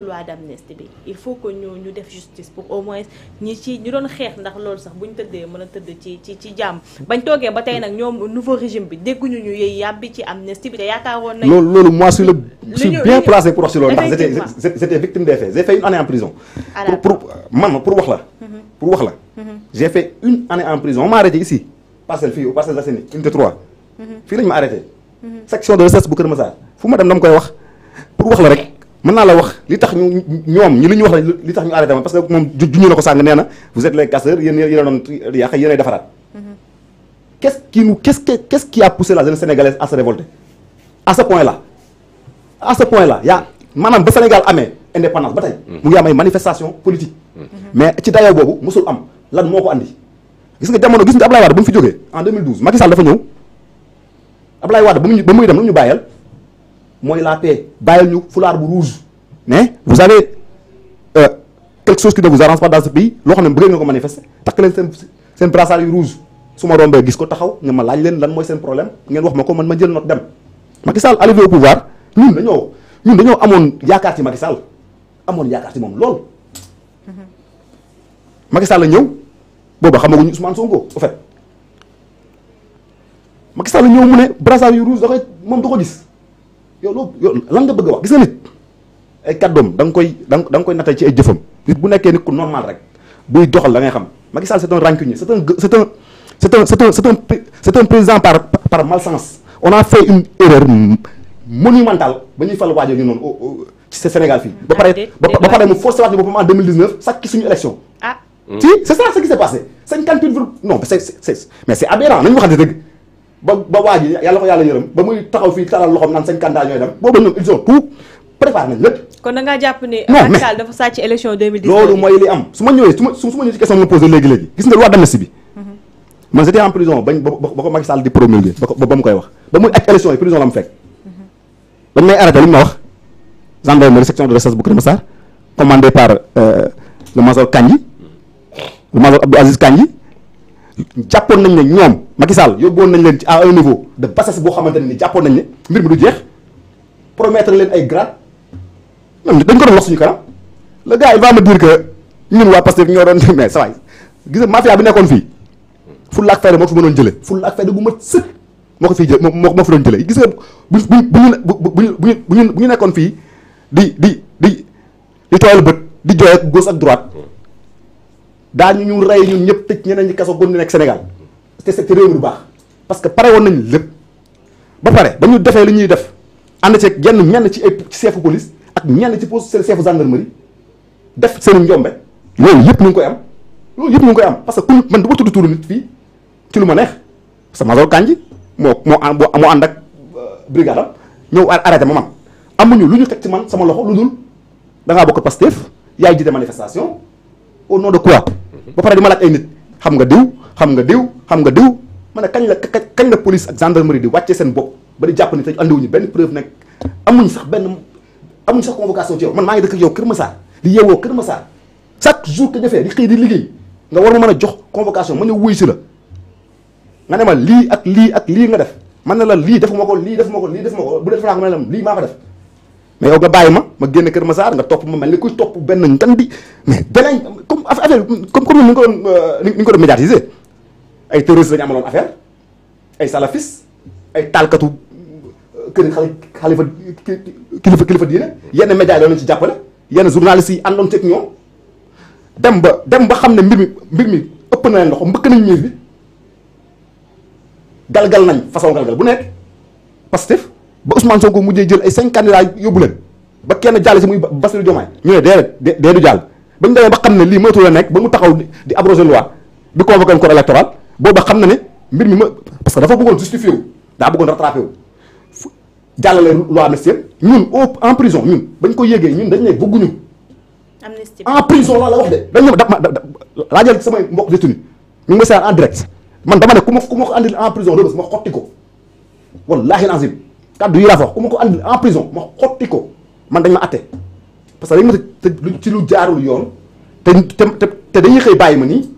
loi d'amnistie bi il faut que ñu ñu def justice pour au moins ñi ci ñu doon xex ndax lool sax bu ñu tëddee mën ci ci ci jàmm bañ toogee ba tey nag ñoom nouveau régime bi dégguñu ñu yey yàbbi ci amnistie bi da yaakaaroon nañu lool lool moi suis le suis bien placé pour wax si loolu ndax j'étais victime des faits j'ai fait une année en prison pour man pour wax la mhm. pour wax la mhm. j'ai fait une année en prison on m'a arrêté ici parcelle fii au Parcelles Assainies unité 3 fi lañ ma arrêté mhm. section de recherche bu Kër Massar fu ma dem dama koy wax pour wax la rek mën la wax li tax ñu ñoom ñi li ñu wax li tax ñu arrêté parce que mom juñu na ko sàng vous êtes les casseurs yéen yéen a doon yàq ay mm-hmm. qu'est-ce qui nous qu'est-ce que qu'est-ce qui a poussé la jeune sénégalaise à se révolter à ce point là à ce point là ya manam ba Sénégal amé indépendance ba tey mm-hmm. mu ngi am ay manifestation politique mm-hmm. mais ci dayoo bobu musul am lan moko andi gis nga jamono gis nga Ablaye Wade ba fi jógee en 2012 Macky Sall dafa ñew Ablaye Wade ba muy dem lu ñu bayal moi la paix rouge mais vous avez euh, quelque chose qui ne vous arrange pas dans ce pays Vous xam nous bëgg ko manifester takk leen rouge su ma rombee gis ko taxaw nga ma laaj leen problème ngeen wax man ma dem arrivé au pouvoir ñun dañoo ñun suis amoon yaakaar ci Macky Sall amoon yaakaar ci moom lool. Macky Sall la Ousmane Sonko en fait Macky Sall je mu rouge da Yo loo yow lan nga bëgg a wax gis nga nit ay kàddoom da nga koy da nga koy nattee ci ay jëfam nit bu nekkee nit ku normal rek buy doxal da ngay xam Macky Sall c'est un rancunier c'est un c'est un c'est un c'est un c'est un c'est un président par par malchance on a fait une erreur monumentale ba ñuy fal waajal ñu non. ci Sénégal fii. ba pare ah, ba pare mu forcé waat ñu boppam en 2019 sakki suñu élection. ah si c'est ça ce qui s'est passé cinquante-huit virgule non c'est c'est mais c'est aberrant nañu waxante dëgg ba ba waa ji ko yalla yeureum ba muy taxaw fi talal loxom nan 50 candidat ñoy dem boobu ñoom ils ont tout préparé nañ lépp. kon da nga japp ne. Macky Sall dafa sacc élection 2019 loolu moy li am suma ñewé suma suma ñu ci question ma posé légui légui gis nga loi d'amnistie bi. Mhm. man j'étais en prison bañ ba ko Macky Sall di promulguer ba ko mu koy wax ba muy ak élection yi prison la mu fekk. Mhm. dañ may arrêté li mu ma wax gendarmerie section de recherche bu Kër Massar commandé par euh, le major Kandji le major Abdou Aziz Kandji jàppoon nañ ne ñom Macky Sall nañ leen ci à un niveau de bassesse boo xamante ni jàppoon nañ ne mbir mi du jeex promettre leen ay grade même dañ ko doon wax suñu kanam le gars il va na diir que ñun waa Pastef ñoo doon mais saa waay bi nekkoon fii fulla ak fayda moo ko fi mënoon jëlee fulla ak fayda gu mat sëkk moo ko fiy jël moo moo fi doon jëlee gis nga bu bu bu bu bu bu ñu nekkoon fii di di di di tooyal bët di jooy ak gauche ak droite daañu ñu rey ñun ñëpp tëj ñeneen ñi kaso gon nekk Sénégal. te te réew mi du baax parce que pare woon nañu lépp ba pare ba ñu defee li ñuy def ànd ceeg genn ñenn ci ay ci chef police ak ñenn ci poste chef gendarmerie def seen njombe loolu yëpp ñu ngi koy am loolu yëpp ñu ngi koy am parce que ku man du ma tudd tuuru nit fii ci lu ma neex parce que Major Kandji moo moo moo ànd ak euh, brigade am ñëw arrêté ma man amuñu lu ñu teg ci man sama loxo lu dul da ngaa bokk Pastef yaay jiite manifestation au nom de quoi mm-hmm. ba pare di ma laaj ay nit xam nga diw. xam nga diw xam nga diw man kañ la kañ la police ak gendarmerie di wacce sen bok ba di japp ni te wuñu ben preuve nag amuñ sax ben amuñ sax convocation ci yow man ma ngi dëkk yow Kër sa di yeewoo Kër sa chaque jour que defé di xey di liggéey nga war ma mëna jox convocation ma wuy ci la nga ne ma li ak li, ak li nga def man ne la li def mako li def mako li def mako bu def la ko ma li mako def mais yow nga bayima ma ma génn Kër Massar nga top ma melni kuy top ben ngandi bi mais benen comme affaire comme comme ni nga ko euh, ni nga ko médiatiser ay terroristes lañu amaloon affaire ay salafis ay taalkatu euh, kër xalifa kilifa kilifa diine yenn médias yi lañ ci jàppale yenn journalistes yi àndoon ceeg ñoom dem ba dem ba xam ne mbir mi mbir mi ëpp na leen loxo mbëkk nañ miir bi galgal nañ façon galgal bu nekk Pastef ba Ousmane Sonko mujjee jël ay cinq candidats yóbbu leen ba kenn jàll si muy Bassirou Diomaye ñu ne déedéet dee du jàll ba ñu demee ba xam ne lii moytu la nekk ba mu taxaw di abroger loi bi convoqué corps booba xamna na ne mbir mi ma parce que dafa bëggoon justifier wu daa bëggoon rattraper wu jàllale loi amnistie ñun au en prison ñun bañ ko yéegee ñun dañ ne bëgguñu. amnistie en prison laa la wax de dañ ñëw daf ma laajal samay mbokk détenu ñu ngi ma en direct man dama ne ku ma ku ma ko andil en prison rëbës ma xotti ko wallaahi lazim kaddu yi laa fa wax ku ma ko andil en prison ma xotti ko man dañ ma atte parce que dañ ma tëj ci lu jaarul yoon te te te dañuy xëy bàyyi ma nii.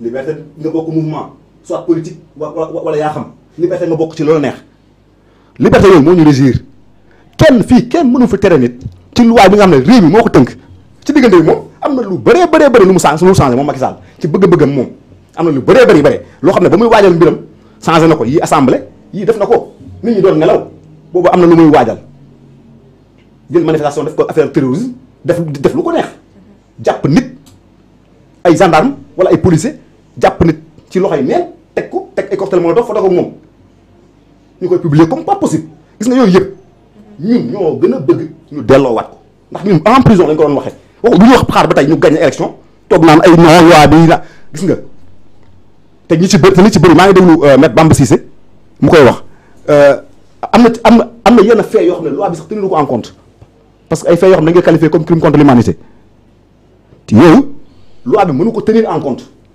liberté nga bokk mouvement soit politique wala yaa xam liberté nga bokk ci loolu neex liberté yooyu moo ñu régir kenn fii kenn mënu fi tere nit ci loi bi nga xam ne réew mi moo ko ci diggante bi moom lu bëree bëree bëri lu mu changé lu mu changé moom Macky Sall ci bëgg-bëggam moom am lu bëree bëri bëri loo xam ne ba muy mbiram changé na ko assemblée yii def na nit ñi doon nelaw boobu am lu muy waajal jël manifestation def ko affaire terrorisme def def lu ko neex nit ay wala ay jàpp ci Il comme pas possible gis nga nous, a nous, en prison nous, ko nous, nous bu ñu wax xaar ba élection nous, naan ay non nous, nous, gis nga ñi ci nous, ci nous, ngi nous, euh, Bamba Cissé mu koy wax euh, nous, nous, loi bi sax nous, ko en parce que ay comme crime contre l'humanité nous, loi bi mënu ko tenir en compte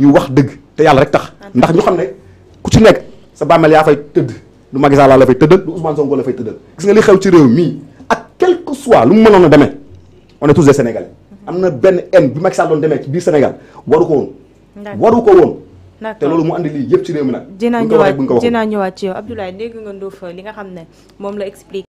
ñu wax deug te yalla rek tax ndax ñu xam ne ku ci nek sa bàmmeel ya fay teud du Macky Sall la fay tëddal du Ousmane Sonko la fay tëddal gis nga li xew ci rew mi ak quel que soit lu mu mënoon a on est tous des Sénégalais mhm. amna na benn haine bi Macky Sall doon démé ci biir Sénégal waru ko woon waru ko woon te loolu mu andi li yépp ci rew mi nag dinaa ñëwaat dina ñëwaat ci yow Abdoulaye dégg nga Ndof li nga xam mom la expliqué